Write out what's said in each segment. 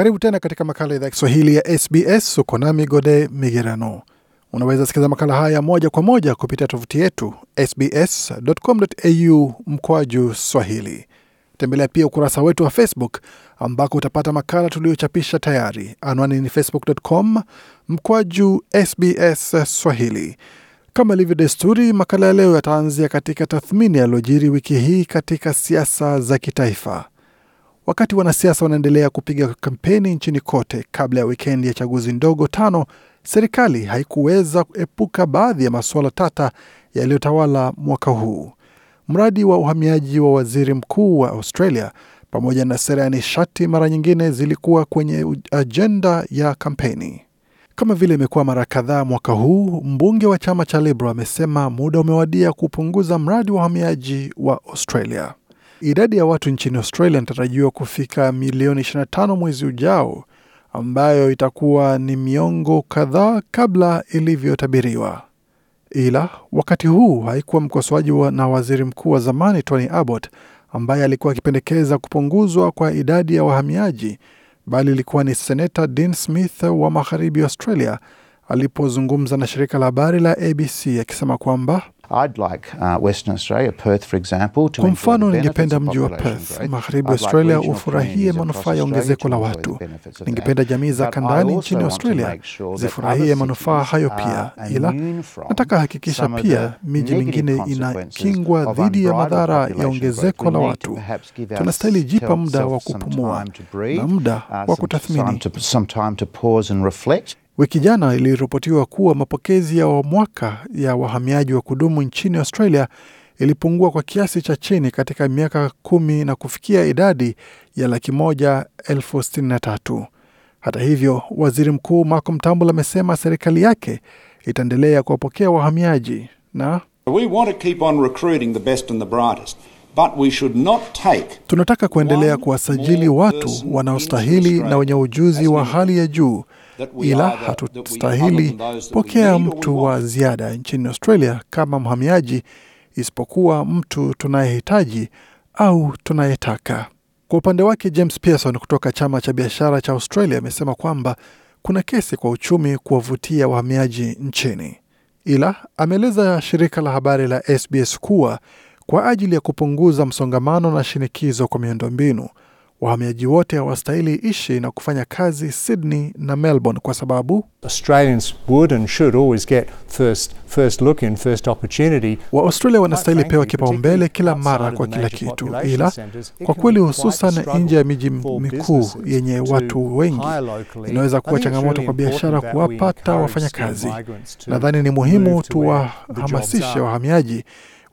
Karibu tena katika makala idhaa ya Kiswahili ya SBS. Uko nami Gode Migerano. Unaweza sikiliza makala haya moja kwa moja kupitia tovuti yetu sbs.com.au mkwaju swahili. Tembelea pia ukurasa wetu wa Facebook ambako utapata makala tuliyochapisha tayari. Anwani ni facebook.com mkwaju SBS swahili. Kama ilivyo desturi, makala ya leo yataanzia katika tathmini yaliyojiri wiki hii katika siasa za kitaifa wakati wanasiasa wanaendelea kupiga kampeni nchini kote kabla ya wikendi ya chaguzi ndogo tano, serikali haikuweza kuepuka baadhi ya masuala tata yaliyotawala mwaka huu. Mradi wa uhamiaji wa waziri mkuu wa Australia pamoja na sera ya nishati mara nyingine zilikuwa kwenye ajenda ya kampeni. Kama vile imekuwa mara kadhaa mwaka huu, mbunge wa chama cha Liberal amesema muda umewadia kupunguza mradi wa uhamiaji wa Australia. Idadi ya watu nchini Australia inatarajiwa kufika milioni 25 mwezi ujao, ambayo itakuwa ni miongo kadhaa kabla ilivyotabiriwa. Ila wakati huu haikuwa mkosoaji wa na waziri mkuu wa zamani Tony Abbott ambaye alikuwa akipendekeza kupunguzwa kwa idadi ya wahamiaji, bali ilikuwa ni seneta Dean Smith wa magharibi Australia alipozungumza na shirika la habari la ABC akisema kwamba Uh, Kwa mfano, ningependa mji wa Perth magharibi Australia ufurahie manufaa ya ongezeko la watu. Ningependa jamii za kandani nchini Australia zifurahie manufaa hayo pia, ila nataka hakikisha pia miji mingine inakingwa dhidi ya madhara ya ongezeko la watu. Tunastahili jipa muda wa kupumua na muda uh, wa kutathmini. Wiki jana iliripotiwa kuwa mapokezi ya mwaka ya wahamiaji wa kudumu nchini Australia ilipungua kwa kiasi cha chini katika miaka kumi na kufikia idadi ya laki moja elfu sitini na tatu. Hata hivyo, waziri mkuu Malcolm Turnbull amesema serikali yake itaendelea kuwapokea wahamiaji na We want to keep on recruiting the best and the brightest. But we should not take tunataka kuendelea kuwasajili watu wanaostahili na wenye ujuzi wa hali ya juu ila hatustahili pokea mtu wa ziada nchini Australia kama mhamiaji, isipokuwa mtu tunayehitaji au tunayetaka. Kwa upande wake, James Pearson kutoka chama cha biashara cha Australia amesema kwamba kuna kesi kwa uchumi kuwavutia wahamiaji nchini, ila ameeleza shirika la habari la SBS kuwa kwa ajili ya kupunguza msongamano na shinikizo kwa miundombinu Wahamiaji wote hawastahili ishi na kufanya kazi Sydney na Melbourne kwa sababu Waaustralia wanastahili pewa kipaumbele kila mara kwa kila kitu, ila kwa kweli, hususan nje ya miji mikuu yenye watu wengi, inaweza kuwa changamoto kwa biashara kuwapata wafanyakazi. Nadhani ni muhimu tuwahamasishe wahamiaji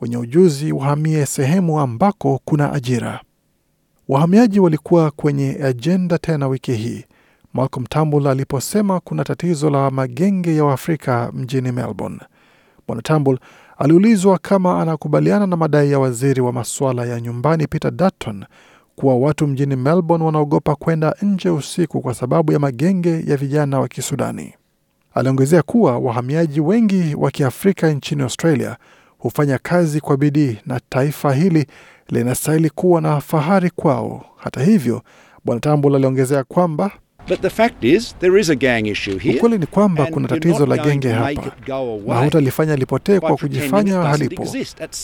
wenye ujuzi wahamie sehemu ambako kuna ajira. Wahamiaji walikuwa kwenye ajenda tena wiki hii, Malcolm Tambul aliposema kuna tatizo la magenge ya Waafrika mjini Melbourne. Bwana tambul aliulizwa kama anakubaliana na madai ya waziri wa masuala ya nyumbani Peter Dutton kuwa watu mjini Melbourne wanaogopa kwenda nje usiku kwa sababu ya magenge ya vijana wa Kisudani. Aliongezea kuwa wahamiaji wengi wa Kiafrika nchini Australia hufanya kazi kwa bidii na taifa hili linastahili kuwa na fahari kwao. Hata hivyo, Bwana tambul aliongezea kwamba ukweli ni kwamba kuna tatizo la genge hapa na hutalifanya lipotee kwa kujifanya halipo.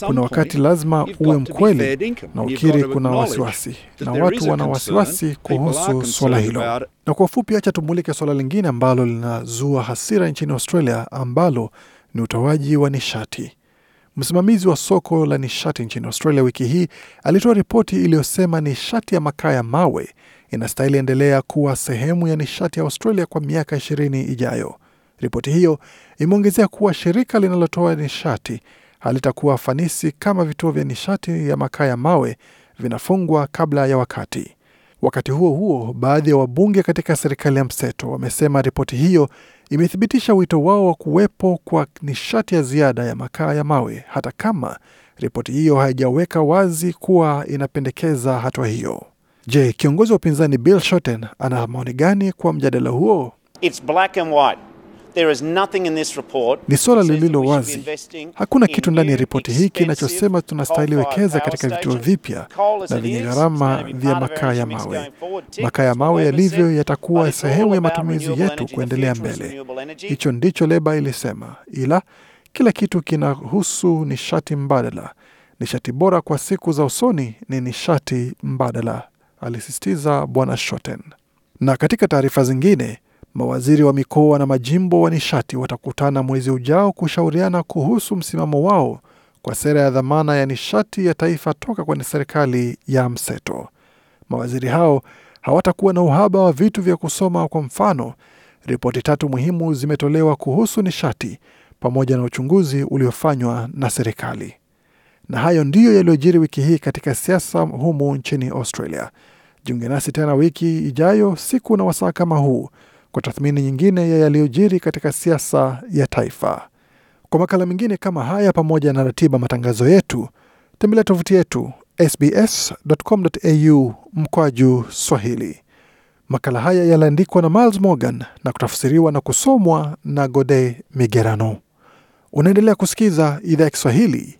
Kuna wakati lazima uwe mkweli na ukiri kuna wasiwasi, na watu wana wasiwasi kuhusu swala hilo. Na kwa ufupi, acha tumulike swala lingine ambalo linazua hasira nchini Australia, ambalo ni utoaji wa nishati. Msimamizi wa soko la nishati nchini Australia wiki hii alitoa ripoti iliyosema nishati ya makaa ya mawe inastahili endelea kuwa sehemu ya nishati ya Australia kwa miaka ishirini ijayo. Ripoti hiyo imeongezea kuwa shirika linalotoa nishati halitakuwa fanisi kama vituo vya nishati ya makaa ya mawe vinafungwa kabla ya wakati. Wakati huo huo, baadhi ya wabunge katika serikali ya mseto wamesema ripoti hiyo imethibitisha wito wao wa kuwepo kwa nishati ya ziada ya makaa ya mawe, hata kama ripoti hiyo haijaweka wazi kuwa inapendekeza hatua hiyo. Je, kiongozi wa upinzani Bill Shorten ana maoni gani kwa mjadala huo? It's black and white. Ni suala lililo wazi. Hakuna kitu ndani ya ripoti hii kinachosema tunastahili wekeza katika vituo vipya na vyenye gharama vya makaa ya mawe. Makaa ya mawe yalivyo yatakuwa sehemu ya matumizi yetu kuendelea mbele. Hicho ndicho Leba ilisema, ila kila kitu kinahusu nishati mbadala. Nishati bora kwa siku za usoni ni nishati mbadala, alisisitiza Bwana Shoten. Na katika taarifa zingine Mawaziri wa mikoa na majimbo wa nishati watakutana mwezi ujao kushauriana kuhusu msimamo wao kwa sera ya dhamana ya nishati ya taifa toka kwenye serikali ya mseto. Mawaziri hao hawatakuwa na uhaba wa vitu vya kusoma. Kwa mfano, ripoti tatu muhimu zimetolewa kuhusu nishati pamoja na uchunguzi uliofanywa na serikali. Na hayo ndiyo yaliyojiri wiki hii katika siasa humu nchini Australia. Jiunge nasi tena wiki ijayo, siku na wasaa kama huu kwa tathmini nyingine ya yaliyojiri katika siasa ya taifa. Kwa makala mengine kama haya, pamoja na ratiba matangazo yetu, tembelea tovuti yetu sbs.com.au mkwaju Swahili. Makala haya yaliandikwa na Miles Morgan na kutafsiriwa na kusomwa na Gode Migerano. Unaendelea kusikiza idhaa ya Kiswahili